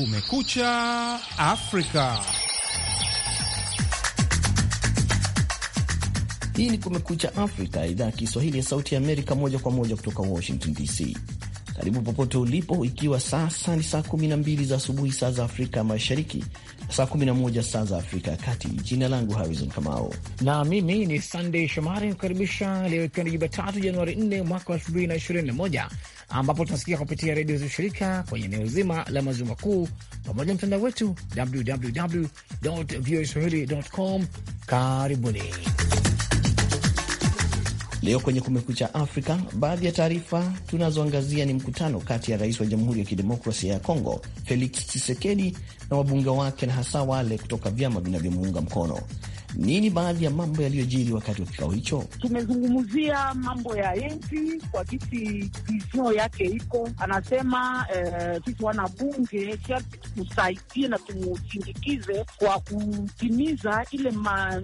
Kumekucha Afrika. Hii ni Kumekucha Afrika, idhaa ya Kiswahili ya Sauti ya Amerika, moja kwa moja kutoka Washington DC. Karibu popote ulipo, ikiwa sasa ni saa 12 za asubuhi saa za Afrika Mashariki, saa 11 saa za Afrika ya Kati. Jina langu Harrison Kamao na mimi ni Sandey Shomari nikukaribisha leo, ikiwa ni Jumatatu Januari 4 mwaka wa 2021 ambapo tunasikia kupitia redio za ushirika kwenye eneo zima la maziwa makuu pamoja na mtandao wetu www voa Karibuni. Leo kwenye Kumekucha Afrika, baadhi ya taarifa tunazoangazia ni mkutano kati ya rais wa Jamhuri ya Kidemokrasia ya Kongo Felix Tshisekedi na wabunge wake na hasa wale kutoka vyama vinavyomuunga mkono. Nini baadhi ya mambo yaliyojiri wakati wa kikao hicho? Tumezungumzia mambo ya nchi kwa kiti vizio yake iko anasema, eh, wana bunge sharti tumusaidie na tumusindikize kwa kutimiza ile ma,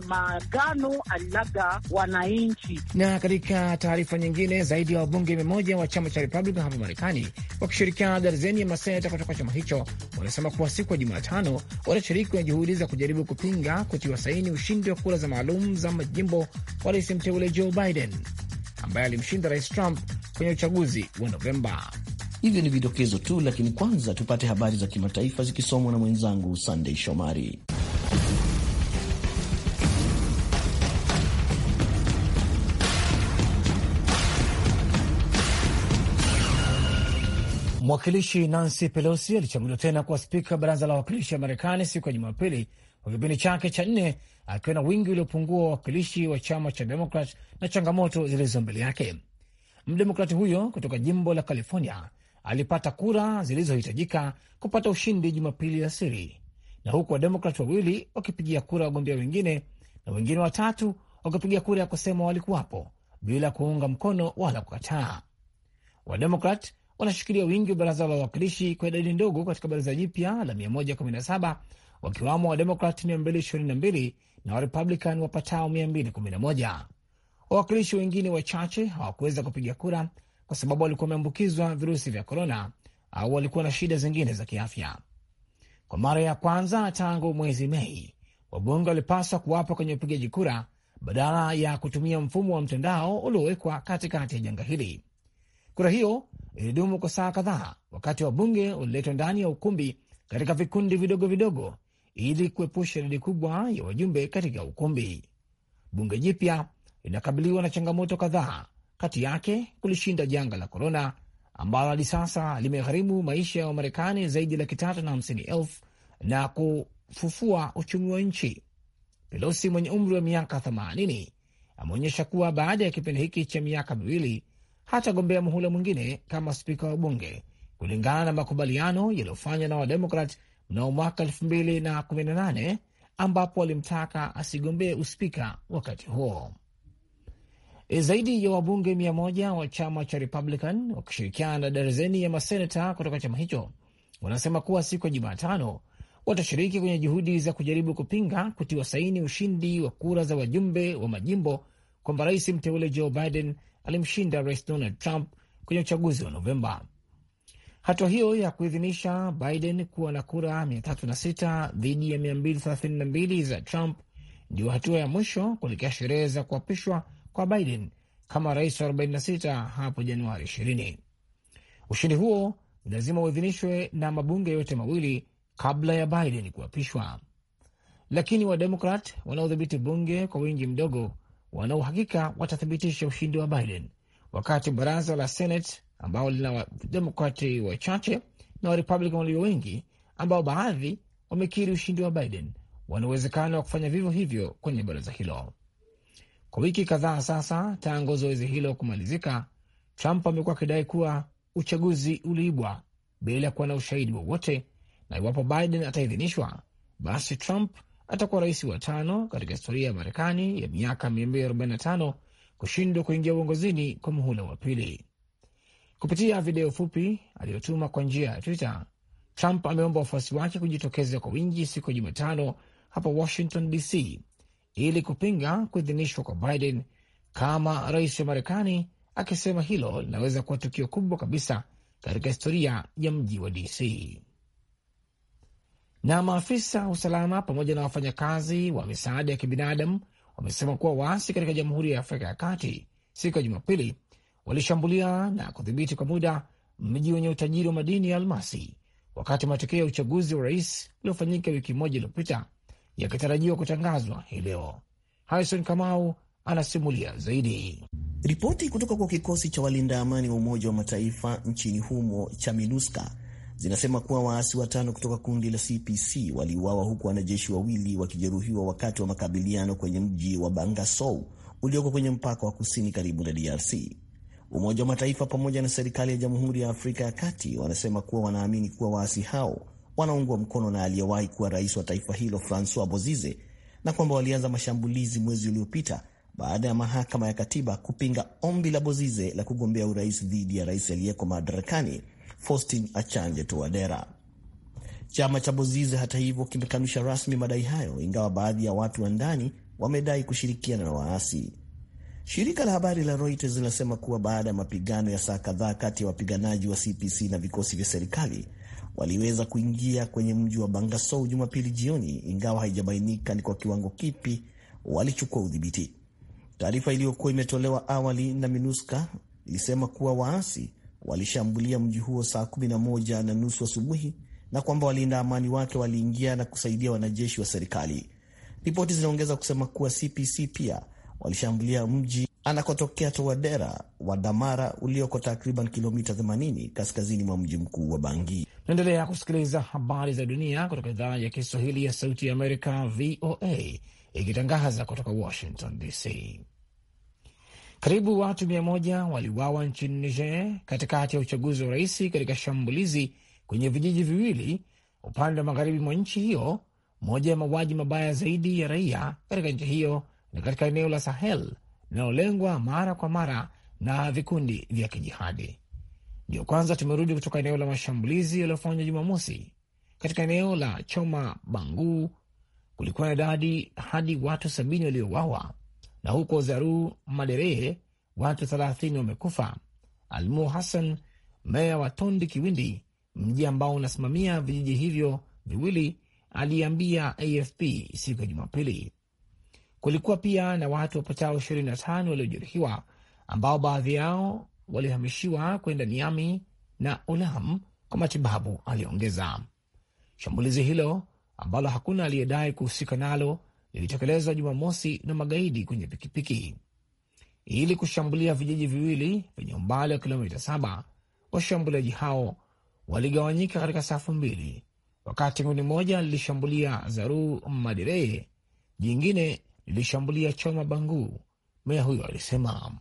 alilaga wananchi. Na katika taarifa nyingine, zaidi ya wabunge mia moja wa chama cha Republican hapa Marekani wakishirikiana na darzeni ya maseneta kutoka chama hicho wanasema kuwa siku ya Jumatano watashiriki kwenye juhudi za kujaribu kupinga kutiwa saini ushindi ushindi wa kura za maalum za majimbo wa rais mteule Joe Biden ambaye alimshinda rais Trump kwenye uchaguzi wa Novemba. Hivyo ni vidokezo tu, lakini kwanza tupate habari za kimataifa zikisomwa na mwenzangu Sandey Shomari. Mwakilishi Nancy Pelosi alichaguliwa tena kuwa spika baraza la wawakilishi wa Marekani siku ya Jumapili kwa kipindi chake cha nne akiwa na wingi uliopungua wawakilishi wa chama cha Demokrat na changamoto zilizo mbele yake. Mdemokrati huyo kutoka jimbo la California alipata kura zilizohitajika kupata ushindi Jumapili ya siri, na huku wademokrat wawili wakipigia kura wagombea wengine na wengine watatu wakipiga kura ya kusema walikuwapo bila kuunga mkono wala kukataa. Wademokrat wanashikilia wingi wa baraza la wawakilishi kwa idadi ndogo katika baraza jipya la 117 wakiwamo Wademokrat 222 na Warepublican wapatao 211. Wawakilishi wengine wachache hawakuweza kupiga kura kwa sababu walikuwa wameambukizwa virusi vya korona au walikuwa na shida zingine za kiafya. Kwa mara ya kwanza tangu mwezi Mei, wabunge walipaswa kuwapo kwenye upigaji kura badala ya kutumia mfumo wa mtandao uliowekwa katikati ya janga hili. Kura hiyo ilidumu kwa saa kadhaa, wakati wabunge waliletwa ndani ya ukumbi katika vikundi vidogo vidogo ili kuepusha idadi kubwa ya wajumbe katika ukumbi. Bunge jipya linakabiliwa na changamoto kadhaa, kati yake kulishinda janga la korona ambalo hadi sasa limegharimu maisha ya Wamarekani zaidi laki tatu na hamsini elfu na kufufua uchumi wa nchi. Pelosi mwenye umri wa miaka 80 ameonyesha kuwa baada ya kipindi hiki cha miaka miwili hatagombea muhula mwingine kama spika wa bunge kulingana na makubaliano yaliyofanywa na Wademokrat mnamo mwaka 218 ambapo alimtaka asigombee uspika wakati huo. E, zaidi ya wabunge mia moja wa chama cha Republican wakishirikiana na darzeni ya maseneta kutoka chama hicho wanasema kuwa siku ya Jumatano watashiriki kwenye juhudi za kujaribu kupinga kutiwa saini ushindi wa kura za wajumbe wa majimbo kwamba rais mteule Joe Biden alimshinda rais Donald Trump kwenye uchaguzi wa Novemba. Hatua hiyo ya kuidhinisha Biden kuwa na kura 306 dhidi ya 232 za Trump ndio hatua ya mwisho kuelekea sherehe za kuapishwa kwa Biden kama rais wa 46 hapo Januari 20. Ushindi huo ni lazima uidhinishwe na mabunge yote mawili kabla ya Biden kuapishwa, lakini Wademokrat wanaodhibiti bunge kwa wingi mdogo wanaohakika watathibitisha ushindi wa Biden wakati baraza la Senate ambao lina Wademokrati wachache na Warepublican walio wengi, ambao baadhi wamekiri ushindi wa Biden, wana uwezekano wa kufanya vivyo hivyo kwenye baraza hilo. Kwa wiki kadhaa sasa tangu zoezi hilo kumalizika, Trump amekuwa akidai kuwa uchaguzi uliibwa bila kuwa na ushahidi wowote, na iwapo Biden ataidhinishwa, basi Trump atakuwa rais wa tano katika historia ya Marekani ya miaka 245 kushindwa kuingia uongozini kwa muhula wa pili. Kupitia video fupi aliyotuma kwa njia ya Twitter, Trump ameomba wafuasi wake kujitokeza kwa wingi siku ya Jumatano hapa Washington DC ili kupinga kuidhinishwa kwa Biden kama rais wa Marekani, akisema hilo linaweza kuwa tukio kubwa kabisa katika historia ya mji wa DC. Na maafisa wa usalama pamoja na wafanyakazi wa misaada ya kibinadamu wamesema kuwa waasi katika Jamhuri ya Afrika ya Kati siku ya Jumapili walishambulia na kudhibiti kwa muda mji wenye utajiri wa madini ya almasi, wakati matokeo ya uchaguzi wa rais uliofanyika wiki moja iliyopita yakitarajiwa kutangazwa hii leo. Harison Kamau anasimulia zaidi. Ripoti kutoka kwa kikosi cha walinda amani wa Umoja wa Mataifa nchini humo cha MINUSCA zinasema kuwa waasi watano kutoka kundi la CPC waliuawa huku wanajeshi wawili wakijeruhiwa wakati wa makabiliano kwenye mji wa Bangasou ulioko kwenye mpaka wa kusini karibu na DRC. Umoja wa Mataifa pamoja na serikali ya Jamhuri ya Afrika ya Kati wanasema kuwa wanaamini kuwa waasi hao wanaungwa mkono na aliyewahi kuwa rais wa taifa hilo Francois Bozize na kwamba walianza mashambulizi mwezi uliopita baada ya mahakama ya katiba kupinga ombi la Bozize la kugombea urais dhidi ya rais aliyeko madarakani Faustin Achanje Touadera. Chama cha Bozize hata hivyo kimekanusha rasmi madai hayo, ingawa baadhi ya watu wa ndani wamedai kushirikiana na waasi. Shirika la habari la Reuters linasema kuwa baada ya mapigano ya saa kadhaa kati ya wapiganaji wa CPC na vikosi vya serikali waliweza kuingia kwenye mji wa Bangasou Jumapili jioni, ingawa haijabainika ni kwa kiwango kipi walichukua udhibiti. Taarifa iliyokuwa imetolewa awali na MINUSCA ilisema kuwa waasi walishambulia mji huo saa 11 na nusu asubuhi na kwamba walinda amani wake waliingia na kusaidia wanajeshi wa serikali. Ripoti zinaongeza kusema kuwa CPC pia walishambulia mji anakotokea Towadera wa Damara ulioko takriban kilomita 80 kaskazini mwa mji mkuu wa Bangi. Naendelea kusikiliza habari za dunia kutoka idhaa ya Kiswahili ya Sauti ya Amerika, VOA, ikitangaza kutoka Washington DC. Karibu watu mia moja waliuawa nchini Niger katikati ya uchaguzi wa rais katika shambulizi kwenye vijiji viwili upande wa magharibi mwa nchi hiyo, moja ya mauaji mabaya zaidi ya raia katika nchi hiyo na katika eneo la Sahel linalolengwa mara kwa mara na vikundi vya kijihadi. Ndiyo kwanza tumerudi kutoka eneo la mashambulizi yaliyofanywa Jumamosi katika eneo la Choma Bangu. Kulikuwa na idadi hadi watu sabini waliowawa, na huko Zaru Maderehe watu thelathini wamekufa. Almu Hassan, meya wa Tondi Kiwindi, mji ambao unasimamia vijiji hivyo viwili, aliambia AFP siku ya Jumapili Kulikuwa pia na watu wapatao 25 waliojeruhiwa ambao baadhi yao walihamishiwa kwenda Niami na Ulam kwa matibabu, aliongeza. Shambulizi hilo ambalo hakuna aliyedai kuhusika nalo lilitekelezwa Jumamosi na magaidi kwenye pikipiki ili kushambulia vijiji viwili vyenye umbali wa kilomita saba. Washambuliaji hao waligawanyika katika safu mbili, wakati kundi moja lilishambulia Zaru Madireye, jingine lilishambulia Choma Bangu, meya huyo alisema.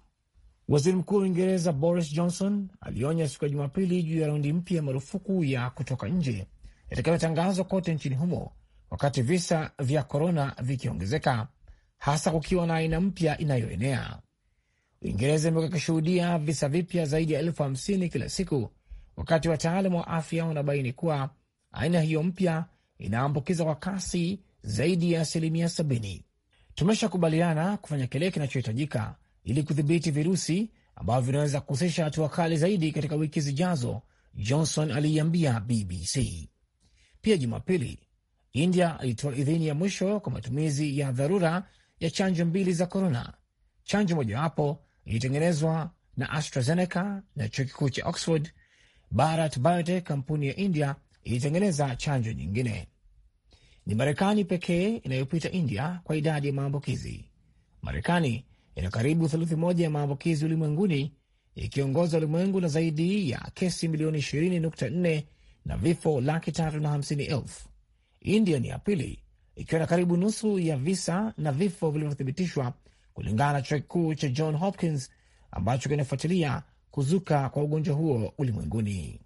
Waziri Mkuu wa Uingereza Boris Johnson alionya siku ya Jumapili juu ya raundi mpya ya marufuku ya kutoka nje itakayotangazwa kote nchini humo, wakati visa vya korona vikiongezeka, hasa kukiwa na aina mpya inayoenea. Uingereza imekuwa ikishuhudia visa vipya zaidi ya elfu hamsini kila siku, wakati wataalam wa afya wanabaini kuwa aina hiyo mpya inaambukiza kwa kasi zaidi ya asilimia sabini tumeshakubaliana kufanya kile kinachohitajika ili kudhibiti virusi ambavyo vinaweza kuhusisha hatua kali zaidi katika wiki zijazo, Johnson aliiambia BBC. Pia Jumapili, India ilitoa idhini ya mwisho kwa matumizi ya dharura ya chanjo mbili za korona. Chanjo mojawapo ilitengenezwa na AstraZeneca na chuo kikuu cha Oxford. Bharat Biotech, kampuni ya India, ilitengeneza chanjo nyingine. Ni Marekani pekee inayopita India kwa idadi ya maambukizi. Marekani ina karibu theluthi moja ya maambukizi ulimwenguni, ikiongoza ulimwengu na zaidi ya kesi milioni 20.4 na vifo laki tatu na hamsini elfu. India ni ya pili ikiwa na karibu nusu ya visa na vifo vilivyothibitishwa, kulingana na chuo kikuu cha John Hopkins ambacho kinafuatilia kuzuka kwa ugonjwa huo ulimwenguni.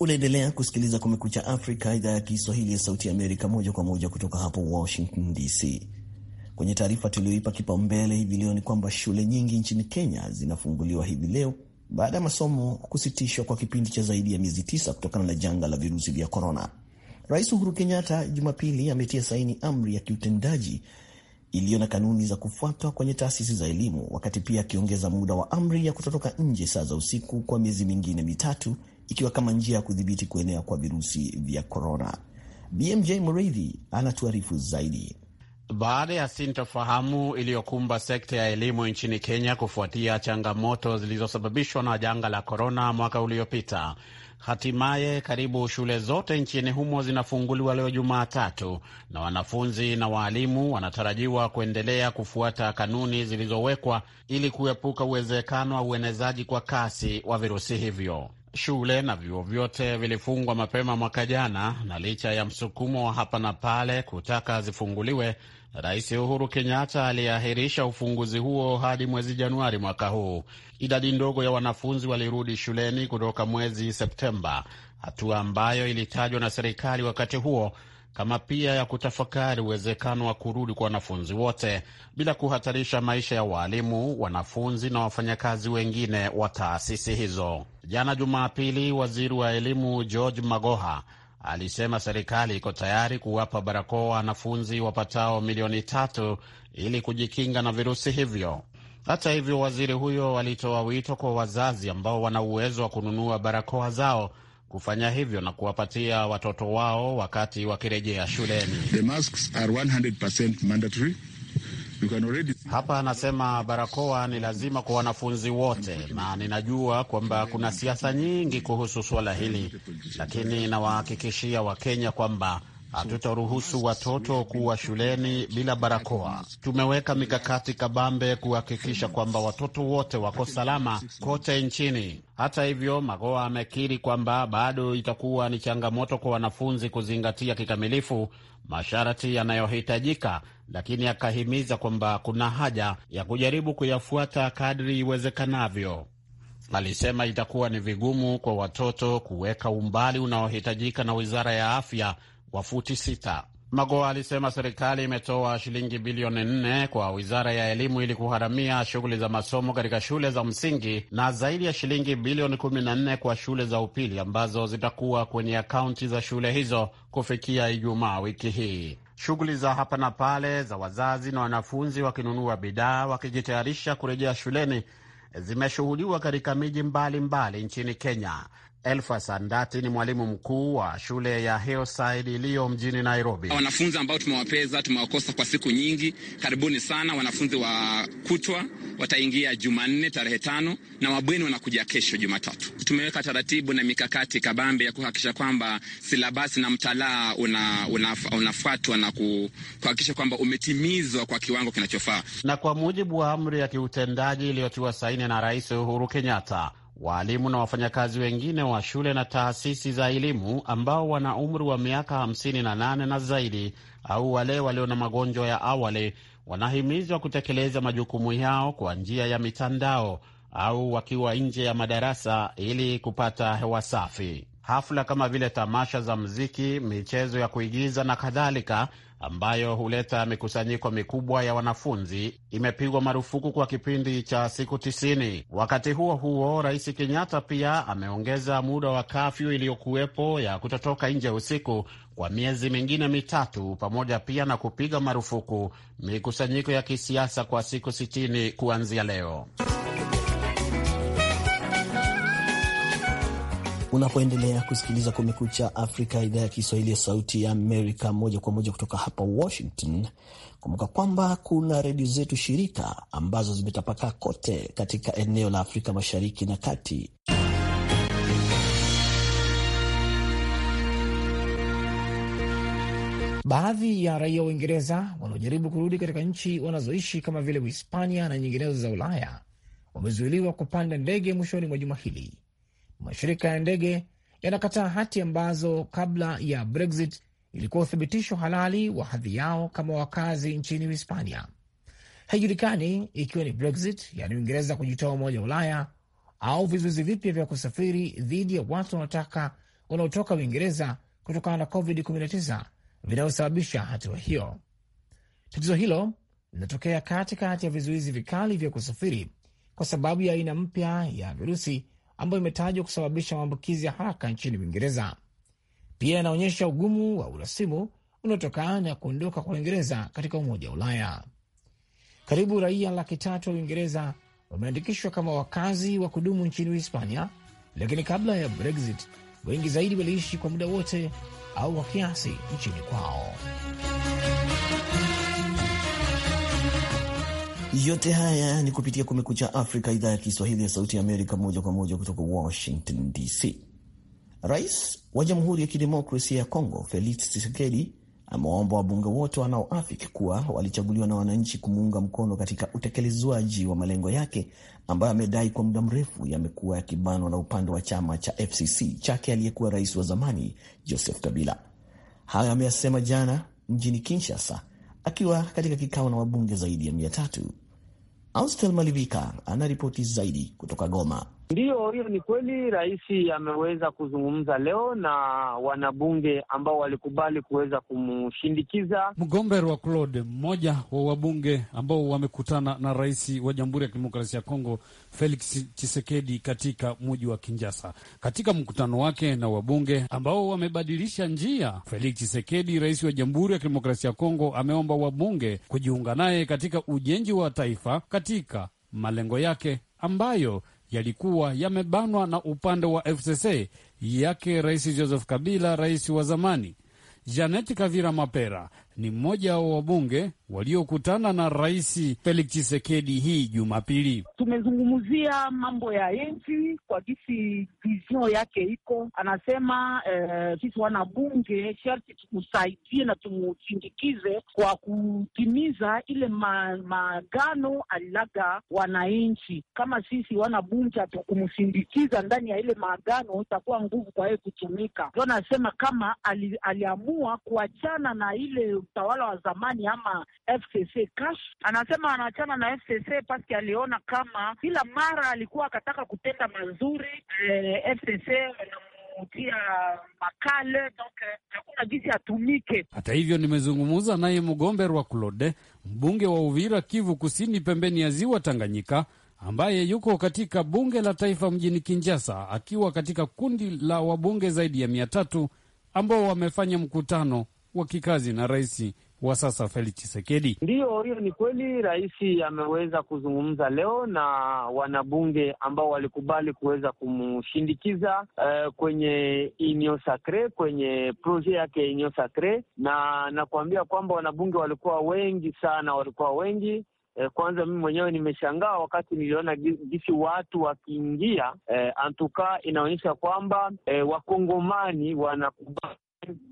Unaendelea kusikiliza Kumekucha Afrika, idhaa ya Kiswahili ya Sauti ya Amerika, moja kwa moja kutoka hapo Washington DC. Kwenye taarifa tuliyoipa kipaumbele hivi leo ni kwamba shule nyingi nchini Kenya zinafunguliwa hivi leo baada ya masomo kusitishwa kwa kipindi cha zaidi ya miezi tisa kutokana na janga la virusi vya korona. Rais Uhuru Kenyatta Jumapili ametia saini amri ya kiutendaji iliyo na kanuni za kufuatwa kwenye taasisi za elimu, wakati pia akiongeza muda wa amri ya kutotoka nje saa za usiku kwa miezi mingine mitatu ikiwa kama njia ya kudhibiti kuenea kwa virusi vya korona. BMJ Mreithi anatuarifu zaidi. Baada ya sintofahamu iliyokumba sekta ya elimu nchini Kenya kufuatia changamoto zilizosababishwa na janga la korona mwaka uliopita, hatimaye karibu shule zote nchini humo zinafunguliwa leo Jumatatu, na wanafunzi na waalimu wanatarajiwa kuendelea kufuata kanuni zilizowekwa ili kuepuka uwezekano wa uenezaji kwa kasi wa virusi hivyo. Shule na vyuo vyote vilifungwa mapema mwaka jana, na licha ya msukumo wa hapa na pale kutaka zifunguliwe, Rais Uhuru Kenyatta aliahirisha ufunguzi huo hadi mwezi Januari mwaka huu. Idadi ndogo ya wanafunzi walirudi shuleni kutoka mwezi Septemba, hatua ambayo ilitajwa na serikali wakati huo kama pia ya kutafakari uwezekano wa kurudi kwa wanafunzi wote bila kuhatarisha maisha ya waalimu, wanafunzi na wafanyakazi wengine wa taasisi hizo. Jana Jumapili, waziri wa elimu George Magoha alisema serikali iko tayari kuwapa barakoa wanafunzi wapatao milioni tatu ili kujikinga na virusi hivyo. Hata hivyo, waziri huyo alitoa wito kwa wazazi ambao wana uwezo wa kununua barakoa zao kufanya hivyo na kuwapatia watoto wao wakati wakirejea shuleni. The masks are 100% mandatory. Already... Hapa anasema barakoa ni lazima kwa wanafunzi wote, na ninajua kwamba kuna siasa nyingi kuhusu suala hili, lakini nawahakikishia Wakenya kwamba Hatutaruhusu watoto kuwa shuleni bila barakoa. Tumeweka mikakati kabambe kuhakikisha kwamba watoto wote wako salama kote nchini. Hata hivyo, Magoa amekiri kwamba bado itakuwa ni changamoto kwa wanafunzi kuzingatia kikamilifu masharti yanayohitajika, lakini akahimiza kwamba kuna haja ya kujaribu kuyafuata kadri iwezekanavyo. Alisema itakuwa ni vigumu kwa watoto kuweka umbali unaohitajika na Wizara ya Afya wa futi sita. Magoa alisema serikali imetoa shilingi bilioni nne kwa wizara ya elimu ili kuharamia shughuli za masomo katika shule za msingi na zaidi ya shilingi bilioni 14 kwa shule za upili ambazo zitakuwa kwenye akaunti za shule hizo kufikia Ijumaa wiki hii. Shughuli za hapa na pale za wazazi na wanafunzi wakinunua bidhaa wakijitayarisha kurejea shuleni zimeshuhudiwa katika miji mbalimbali nchini Kenya elfasandati ni mwalimu mkuu wa shule ya Hillside iliyo mjini Nairobi. Wanafunzi ambao tumewapeza tumewakosa kwa siku nyingi, karibuni sana. Wanafunzi wa kutwa wataingia Jumanne tarehe tano na wabweni wanakuja kesho Jumatatu. Tumeweka taratibu na mikakati kabambe ya kuhakikisha kwamba silabasi na mtalaa una, una, unafuatwa na kuhakikisha kwamba umetimizwa kwa kiwango kinachofaa, na kwa mujibu wa amri ya kiutendaji iliyotiwa saini na Rais Uhuru Kenyatta Waalimu na wafanyakazi wengine wa shule na taasisi za elimu ambao wana umri wa miaka 58 na zaidi au wale walio na magonjwa ya awali wanahimizwa kutekeleza majukumu yao kwa njia ya mitandao au wakiwa nje ya madarasa ili kupata hewa safi hafla kama vile tamasha za mziki michezo ya kuigiza na kadhalika, ambayo huleta mikusanyiko mikubwa ya wanafunzi, imepigwa marufuku kwa kipindi cha siku tisini. Wakati huo huo, Rais Kenyatta pia ameongeza muda wa kafyu iliyokuwepo ya kutotoka nje usiku kwa miezi mingine mitatu, pamoja pia na kupiga marufuku mikusanyiko ya kisiasa kwa siku sitini kuanzia leo. unapoendelea kusikiliza Kumekucha Afrika, idhaa ya Kiswahili ya Sauti ya Amerika, moja kwa moja kutoka hapa Washington. Kumbuka kwamba kuna redio zetu shirika ambazo zimetapakaa kote katika eneo la Afrika Mashariki na Kati. Baadhi ya raia wa Uingereza wanaojaribu kurudi katika nchi wanazoishi kama vile Uhispania na nyinginezo za Ulaya wamezuiliwa kupanda ndege mwishoni mwa juma hili mashirika ya ndege yanakataa hati ambazo kabla ya Brexit ilikuwa uthibitisho halali wa hadhi yao kama wakazi nchini Hispania. Haijulikani ikiwa ni Brexit, yaani Uingereza kujitoa Umoja wa Ulaya, au vizuizi vipya vya kusafiri dhidi ya watu wanaotaka wanaotoka Uingereza kutokana na COVID-19 vinayosababisha hatua hiyo. Tatizo hilo linatokea katikati ya vizuizi vikali vya kusafiri kwa sababu ya aina mpya ya virusi ambayo imetajwa kusababisha maambukizi ya haraka nchini Uingereza. Pia inaonyesha ugumu wa urasimu unaotokana na kuondoka kwa Uingereza katika Umoja wa Ulaya. Karibu raia laki tatu wa Uingereza wameandikishwa kama wakazi wa kudumu nchini Uhispania, lakini kabla ya Brexit wengi zaidi waliishi kwa muda wote au kwa kiasi nchini kwao. Yote haya ni kupitia Kumekucha Afrika, idhaa ya Kiswahili ya Sauti ya Amerika, moja kwa moja kutoka Washington DC. Rais wa Jamhuri ya Kidemokrasia ya Kongo Felix Tshisekedi amewaomba wabunge wote wanaoafiki kuwa walichaguliwa na wananchi kumuunga mkono katika utekelezwaji wa malengo yake ambayo amedai kwa muda mrefu yamekuwa yakibanwa na upande wa chama cha FCC chake aliyekuwa rais wa zamani Joseph Kabila. Hayo ameyasema jana mjini Kinshasa akiwa katika kikao na wabunge zaidi ya mia tatu. Austel Malivika anaripoti zaidi kutoka Goma. Ndiyo, hiyo ni kweli. Rais ameweza kuzungumza leo na wanabunge ambao walikubali kuweza kumshindikiza mgombe wa Claude, mmoja wa wabunge ambao wamekutana na rais wa Jamhuri ya Kidemokrasia ya Kongo Felix chisekedi katika muji wa kinjasa Katika mkutano wake na wabunge ambao wamebadilisha njia, Felix chisekedi rais wa Jamhuri ya Kidemokrasia ya Kongo, ameomba wabunge kujiunga naye katika ujenzi wa taifa katika malengo yake ambayo yalikuwa yamebanwa na upande wa FCC yake Rais Joseph Kabila, rais wa zamani. Janet Kavira Mapera ni mmoja wa wabunge waliokutana na Rais Felix chisekedi hii Jumapili. Tumezungumzia mambo ya nchi kwa jinsi vizio yake iko, anasema eh, sisi eh, wanabunge sharti tumusaidie na tumusindikize kwa kutimiza ile magano ma alilaga wananchi. Kama sisi wanabunge hatukumsindikiza ndani ya ile magano itakuwa nguvu kwa yeye kutumika. Ndio anasema kama ali, aliamua kuachana na ile utawala wa zamani ama FCC cash. Anasema anaachana na FCC paski aliona kama kila mara alikuwa akataka kutenda mazuri eh, FCC wanamutia makale donc eh, hakuna jinsi atumike. Hata hivyo, nimezungumza naye rwa Claude, mbunge wa Uvira, Kivu Kusini, pembeni ya ziwa Tanganyika, ambaye yuko katika bunge la taifa mjini Kinjasa, akiwa katika kundi la wabunge zaidi ya mia tatu ambao wamefanya mkutano wa kikazi na rais wa sasa Felix chisekedi Ndiyo, hiyo ni kweli. Rais ameweza kuzungumza leo na wanabunge ambao walikubali kuweza kumshindikiza uh, kwenye Union Sacre, kwenye proje yake Union Sacre, na nakuambia kwamba wanabunge walikuwa wengi sana, walikuwa wengi eh, kwanza mimi mwenyewe nimeshangaa wakati niliona jinsi watu wakiingia. Eh, antuka inaonyesha kwamba eh, wakongomani wanakubali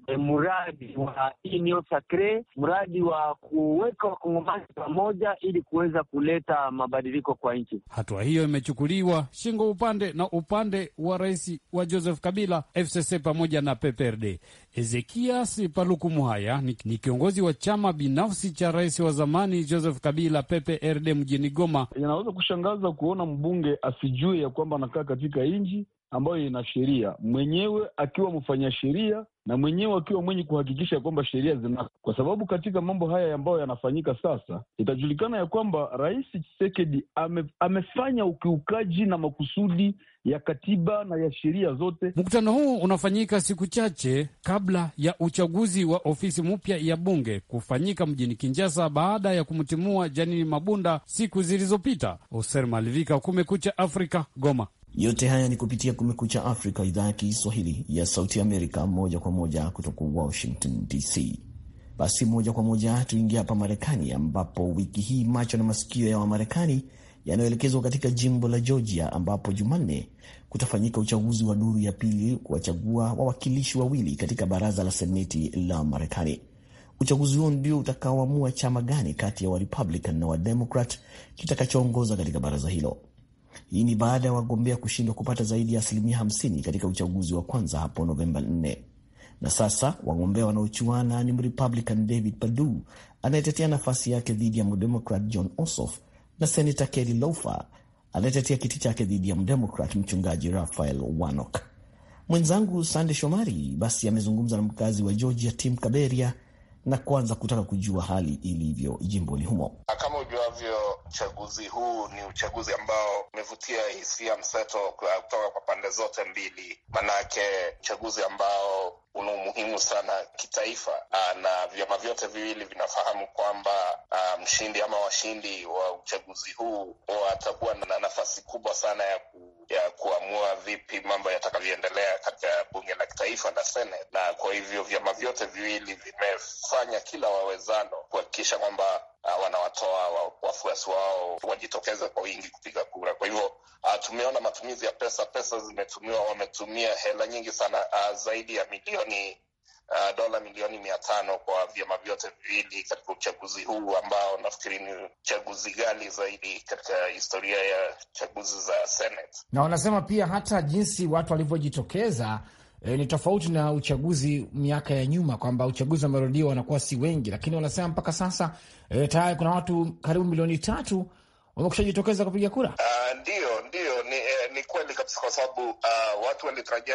e, mradi wa Union Sacre, mradi wa kuweka wakongomani pamoja ili kuweza kuleta mabadiliko kwa nchi. Hatua hiyo imechukuliwa shingo upande na upande wa rais wa Joseph Kabila, FCC pamoja na PPRD. Ezekias Paluku Muhaya ni, ni kiongozi wa chama binafsi cha rais wa zamani Joseph Kabila, PPRD mjini Goma. Inaweza kushangaza kuona mbunge asijue ya kwamba anakaa katika nchi ambayo ina sheria, mwenyewe akiwa mfanya sheria na mwenyewe akiwa mwenye kuhakikisha kwamba sheria zina, kwa sababu katika mambo haya ambayo yanafanyika sasa, itajulikana ya kwamba Rais chisekedi ame, amefanya ukiukaji na makusudi ya katiba na ya sheria zote. Mkutano huu unafanyika siku chache kabla ya uchaguzi wa ofisi mpya ya bunge kufanyika mjini Kinshasa baada ya kumtimua Janini Mabunda siku zilizopita. Oser Malivika, Kumekucha Afrika, Goma. Yote haya ni kupitia Kumekucha Afrika, idhaa ya Kiswahili ya Sauti Amerika, moja kwa moja kutoka Washington DC. Basi moja kwa moja tuingia hapa Marekani, ambapo wiki hii macho na masikio ya Wamarekani yanayoelekezwa katika jimbo la Georgia, ambapo Jumanne kutafanyika uchaguzi wa duru ya pili kuwachagua wawakilishi wawili katika baraza la seneti la Marekani. Uchaguzi huo ndio utakaoamua chama gani kati ya Warepublican na Wademokrat kitakachoongoza katika baraza hilo. Hii ni baada ya wagombea kushindwa kupata zaidi ya asilimia 50 katika uchaguzi wa kwanza hapo Novemba 4 na sasa wagombea wanaochuana ni Mrepublican David Perdue anayetetea nafasi yake dhidi ya Mdemokrat John Ossoff na Senata Kelly Loeffler anayetetea kiti chake dhidi ya Mdemokrat mchungaji Raphael Warnock. Mwenzangu Sande Shomari basi amezungumza na mkazi wa Georgia Tim Kaberia na kuanza kutaka kujua hali ilivyo jimboni humo. Kama ujuavyo, uchaguzi huu ni uchaguzi ambao umevutia hisia mseto kutoka kwa pande zote mbili, manake uchaguzi ambao una umuhimu sana kitaifa aa, ah, na vyama vyote viwili vinafahamu kwamba ah, mshindi ama washindi wa uchaguzi huu watakuwa na nafasi kubwa sana ya ku ya kuamua vipi mambo yatakavyoendelea katika bunge la kitaifa na Senate, na kwa hivyo vyama vyote viwili vimefanya kila wawezano kuhakikisha kwamba Ah, wanawatoa wafuasi wao wajitokeze kwa wingi kupiga kura. Kwa hivyo ah, tumeona matumizi ya pesa, pesa zimetumiwa, wametumia hela nyingi sana, ah, zaidi ya milioni Uh, dola milioni mia tano kwa vyama vyote viwili katika uchaguzi huu ambao nafikiri ni uchaguzi ghali zaidi katika historia ya chaguzi za Senate. Na wanasema pia hata jinsi watu walivyojitokeza E, ni tofauti na uchaguzi miaka ya nyuma kwamba uchaguzi wa marudio wanakuwa si wengi, lakini wanasema mpaka sasa e, tayari kuna watu karibu milioni tatu wamekusha jitokeza kupiga kura. Uh, ndio ndio, ni, eh, ni kweli kabisa kwa sababu uh, watu walitarajia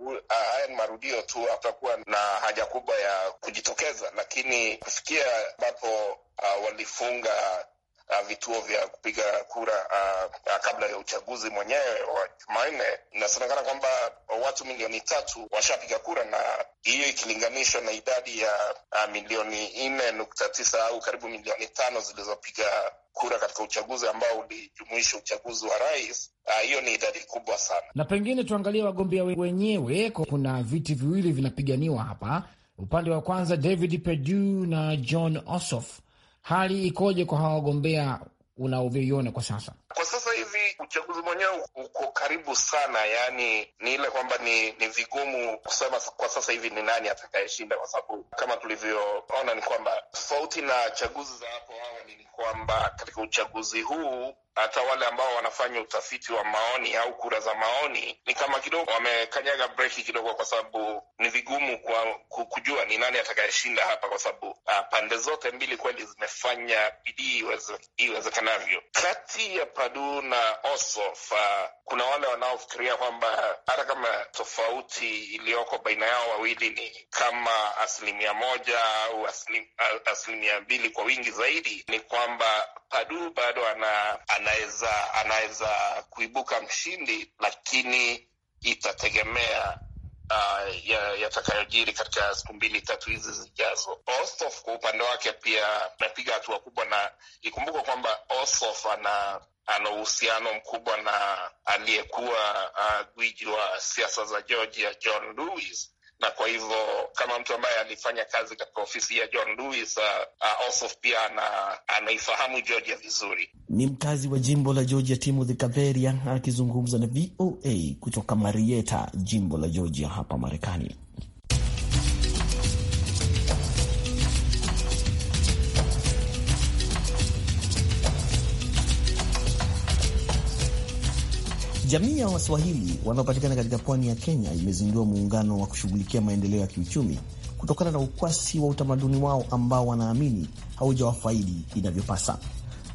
uh, uh, haya ni marudio tu, hatakuwa na haja kubwa ya kujitokeza, lakini kufikia ambapo uh, walifunga uh, vituo vya kupiga kura uh, uh, kabla ya uchaguzi mwenyewe wa Jumanne. Inasemekana kwamba watu milioni tatu washapiga kura, na hiyo ikilinganishwa na idadi ya uh, milioni nne nukta tisa au karibu milioni tano zilizopiga kura katika uchaguzi ambao ulijumuisha uchaguzi wa rais. Uh, hiyo uh, ni idadi kubwa sana, na pengine tuangalie wagombea wenyewe. Kuna viti viwili vinapiganiwa hapa, upande wa kwanza David Perdue na John Ossoff hali ikoje kwa hawa wagombea unavyoiona kwa sasa? Kwa sasa hivi uchaguzi mwenyewe uko karibu sana, yaani ni ile kwamba ni ni vigumu kusema kwa sasa hivi ni nani atakayeshinda, kwa sababu kama tulivyoona ni kwamba tofauti na chaguzi za hapo awali ni kwamba katika uchaguzi huu hata wale ambao wanafanya utafiti wa maoni au kura za maoni ni kama kidogo wamekanyaga breki kidogo, kwa sababu ni vigumu kwa kujua ni nani atakayeshinda hapa, kwa sababu uh, pande zote mbili kweli zimefanya bidii iwezekanavyo. Kati ya Padu na osof uh, ah, kuna wale wanaofikiria kwamba hata kama tofauti iliyoko baina yao wawili ni kama asilimia moja au asilimia mbili kwa wingi zaidi, ni kwamba Padu bado ana, ana anaweza anaweza kuibuka mshindi, lakini itategemea uh, yatakayojiri ya katika siku mbili tatu hizi zijazo. Osof kwa upande wake pia amepiga hatua kubwa, na ikumbuka kwamba Osof ana ana uhusiano mkubwa na aliyekuwa uh, gwiji wa siasa za Georgia John Lewis na kwa hivyo kama mtu ambaye alifanya kazi katika ofisi ya John Lewis uh, uh, Ossoff pia ana, anaifahamu Georgia vizuri. Ni mkazi wa jimbo la Georgia, Timothy Kaveria akizungumza na VOA kutoka Marietta, jimbo la Georgia hapa Marekani. Jamii ya Waswahili wanaopatikana katika pwani ya Kenya imezindua muungano wa kushughulikia maendeleo ya kiuchumi kutokana na ukwasi wa utamaduni wao ambao wanaamini haujawafaidi inavyopasa.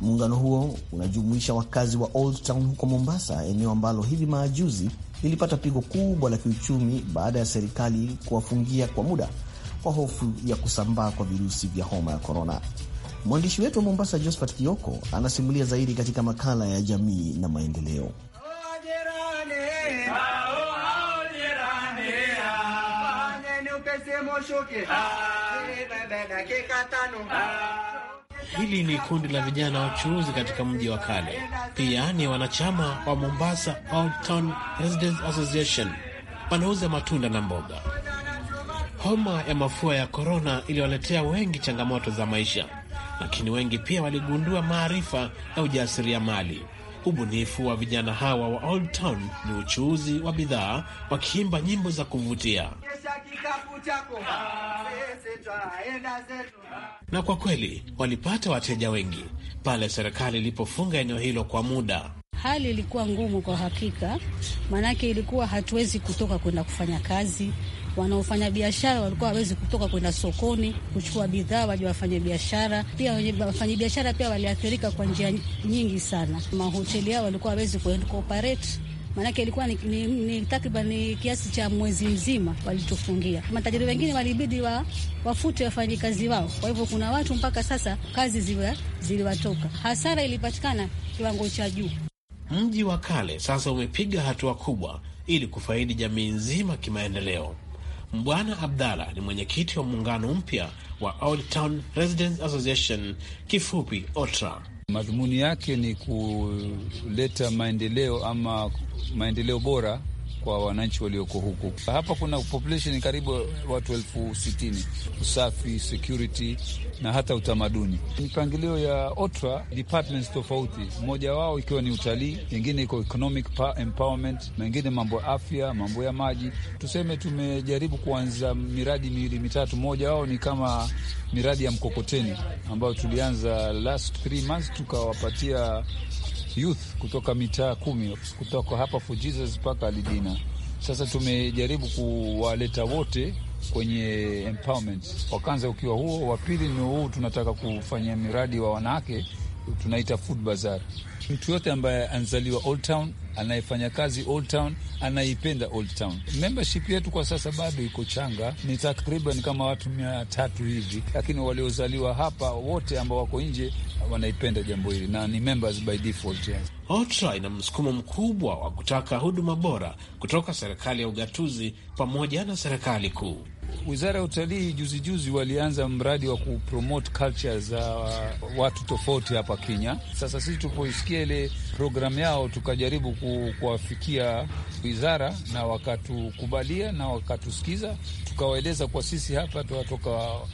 Muungano huo unajumuisha wakazi wa Old Town huko Mombasa, eneo ambalo hivi majuzi lilipata pigo kubwa la kiuchumi baada ya serikali kuwafungia kwa muda kwa hofu ya kusambaa kwa virusi vya homa ya korona. Mwandishi wetu wa Mombasa, Josephat Kioko, anasimulia zaidi katika makala ya jamii na maendeleo. Moshoke. Ah. Ah. Hili ni kundi la vijana wachuuzi katika mji wa kale, pia ni wanachama wa Mombasa Old Town Residents Association. Wanauza matunda na mboga. Homa ya mafua ya korona iliwaletea wengi changamoto za maisha, lakini wengi pia waligundua maarifa na ujasiriamali. Ubunifu wa vijana hawa wa Old Town ni uchuuzi wa bidhaa, wakiimba nyimbo za kuvutia na kwa kweli walipata wateja wengi pale serikali ilipofunga eneo hilo kwa muda. Hali ilikuwa ngumu kwa hakika, maanake ilikuwa hatuwezi kutoka kwenda kufanya kazi wanaofanya biashara walikuwa hawezi kutoka kwenda sokoni kuchukua bidhaa waje wafanye biashara. Pia wafanyabiashara pia waliathirika kwa njia nyingi sana. Mahoteli yao walikuwa hawezi kuoperate maanake ilikuwa ni, ni, ni takriban ni kiasi cha mwezi mzima walitufungia. Matajiri wengine walibidi wa, wafute wafanyikazi wao. Kwa hivyo kuna watu mpaka sasa kazi ziliwatoka, hasara ilipatikana kiwango cha juu. Mji wa kale sasa umepiga hatua kubwa ili kufaidi jamii nzima kimaendeleo mbwana Abdalla ni mwenyekiti wa muungano mpya wa Old Town Residents Association, kifupi OTRA. Madhumuni yake ni kuleta maendeleo ama maendeleo bora kwa wananchi walioko huku. Hapa kuna population karibu watu elfu sitini. Usafi, security na hata utamaduni, mipangilio ya OTRA departments tofauti, mmoja wao ikiwa ni utalii, ingine iko economic empowerment, mengine mambo ya afya, mambo ya maji. Tuseme tumejaribu kuanza miradi miwili mitatu, mmoja wao ni kama miradi ya mkokoteni ambayo tulianza last three months tukawapatia youth kutoka mitaa kumi kutoka hapa For Jesus mpaka Alidina. Sasa tumejaribu kuwaleta wote kwenye empowerment. Wakanza ukiwa huo, wa pili ni huu, tunataka kufanya miradi wa wanawake tunaita food bazaar. Mtu yote ambaye anazaliwa Old Town anayefanya kazi Old Town, anaipenda Old Town. Membership yetu kwa sasa bado iko changa, ni takriban kama watu mia tatu hivi, lakini waliozaliwa hapa wote ambao wako nje wanaipenda jambo hili na ni members by default, yes. OTRA ina msukumo mkubwa wa kutaka huduma bora kutoka serikali ya ugatuzi pamoja na serikali kuu. Wizara ya Utalii juzi juzi walianza mradi wa kupromote culture za uh, watu tofauti hapa Kenya. Sasa sisi tupoisikia ile programu yao tukajaribu kuwafikia wizara, na wakatukubalia na wakatusikiza, tukawaeleza kwa sisi hapa tunatoka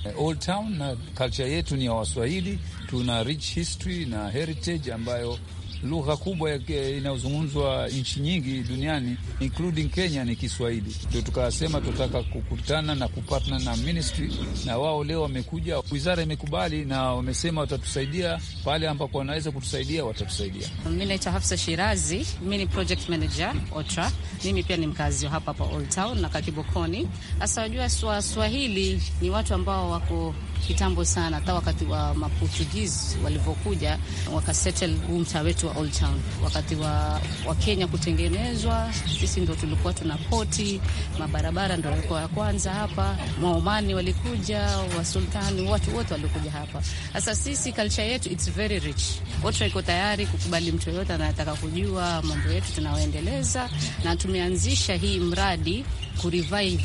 eh, Old Town na culture yetu ni ya Waswahili, tuna rich history na heritage ambayo lugha kubwa inayozungumzwa nchi nyingi duniani including Kenya ni Kiswahili. Ndio tukasema tutaka kukutana na kupatna na ministry, na wao leo wamekuja, wizara imekubali na wamesema watatusaidia pale ambapo wanaweza kutusaidia, watatusaidia. Mi naitwa Hafsa Shirazi, mi ni project manager Otra. Mimi pia ni mkazi wa hapa hapa Old Town na Kakibokoni. Sasa wajua Swahili ni watu ambao wako kitambo sana, hata wakati wa Maportugizi walivyokuja wakasettle huu mtaa wetu inaitwa Old Town. Wakati wa, wa Kenya kutengenezwa, sisi ndo tulikuwa tuna poti, mabarabara ndo yalikuwa ya kwanza hapa. Maomani walikuja, wasultani, watu wote walikuja hapa. Sasa sisi culture yetu it's very rich, wote iko tayari kukubali mtu yoyote anataka kujua mambo yetu tunaoendeleza, na tumeanzisha hii mradi kurevive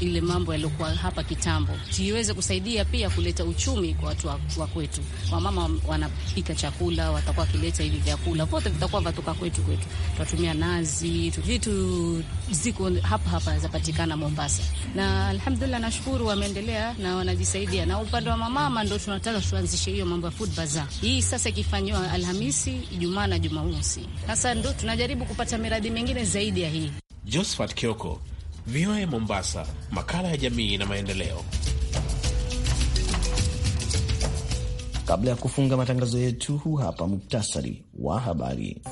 ile mambo yaliyokuwa hapa kitambo, tuiweze kusaidia pia kuleta uchumi kwa watu wa kwetu. Wamama wanapika chakula, watakuwa wakileta hivi vyakula, vote vitakuwa vatoka kwetu kwetu. Tutatumia nazi, vitu ziko hapa hapa zapatikana Mombasa, na alhamdulillah, nashukuru wameendelea na wanajisaidia. Na upande wa mamama ndo tunataka tuanzishe hiyo mambo ya food bazaar hii sasa, ikifanyiwa Alhamisi, Ijumaa na Jumamosi. Sasa ndo tunajaribu kupata miradi mingine zaidi ya hii. Josephat Kioko VOA Mombasa, makala ya jamii na maendeleo. Kabla ya kufunga matangazo yetu, huu hapa muktasari wa habari.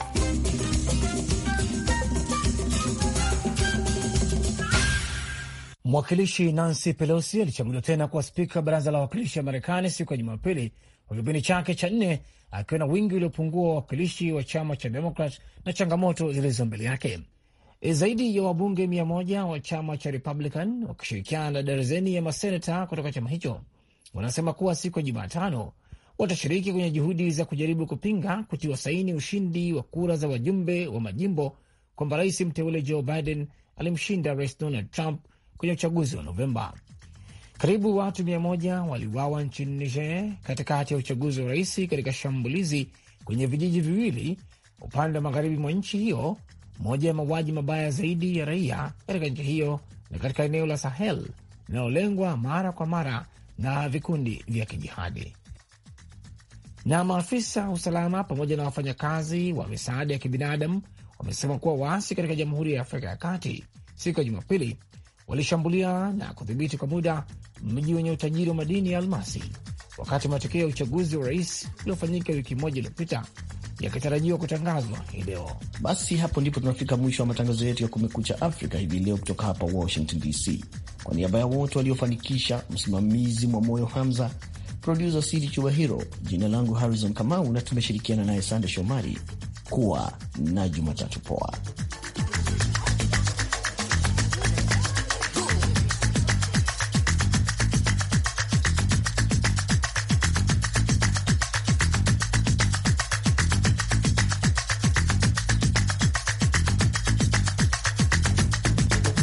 Mwakilishi Nancy Pelosi alichaguliwa tena kuwa spika baraza la wawakilishi wa Marekani siku ya Jumapili kwa kipindi chake cha nne akiwa na wingi uliopungua wawakilishi wa chama cha Demokrat na changamoto zilizo mbele yake. E, zaidi ya wabunge mia moja wa chama cha Republican wakishirikiana na darzeni ya maseneta kutoka chama hicho wanasema kuwa siku ya Jumatano watashiriki kwenye juhudi za kujaribu kupinga kutiwa saini ushindi wa kura za wajumbe wa majimbo kwamba rais mteule Joe Biden alimshinda rais Donald Trump kwenye uchaguzi wa Novemba. Karibu watu mia moja waliuawa nchini Niger katikati ya uchaguzi wa rais katika shambulizi kwenye vijiji viwili upande wa magharibi mwa nchi hiyo moja ya mauaji mabaya zaidi ya raia katika nchi hiyo na katika eneo la Sahel linalolengwa mara kwa mara na vikundi vya kijihadi. Na maafisa wa usalama pamoja na wafanyakazi wa misaada ya kibinadamu wamesema kuwa waasi katika Jamhuri ya Afrika ya Kati siku ya Jumapili walishambulia na kudhibiti kwa muda mji wenye utajiri wa madini ya almasi wakati matokeo ya uchaguzi wa rais uliofanyika wiki moja iliyopita yakitarajiwa kutangazwa hii leo. Basi hapo ndipo tunafika mwisho wa matangazo yetu ya Kumekucha Afrika hivi leo, kutoka hapa Washington DC. Kwa niaba ya wote waliofanikisha, msimamizi mwa moyo Hamza, produsa chuba hiro jina langu Harrison Kamau na tumeshirikiana naye Sande Shomari. Kuwa na Jumatatu poa.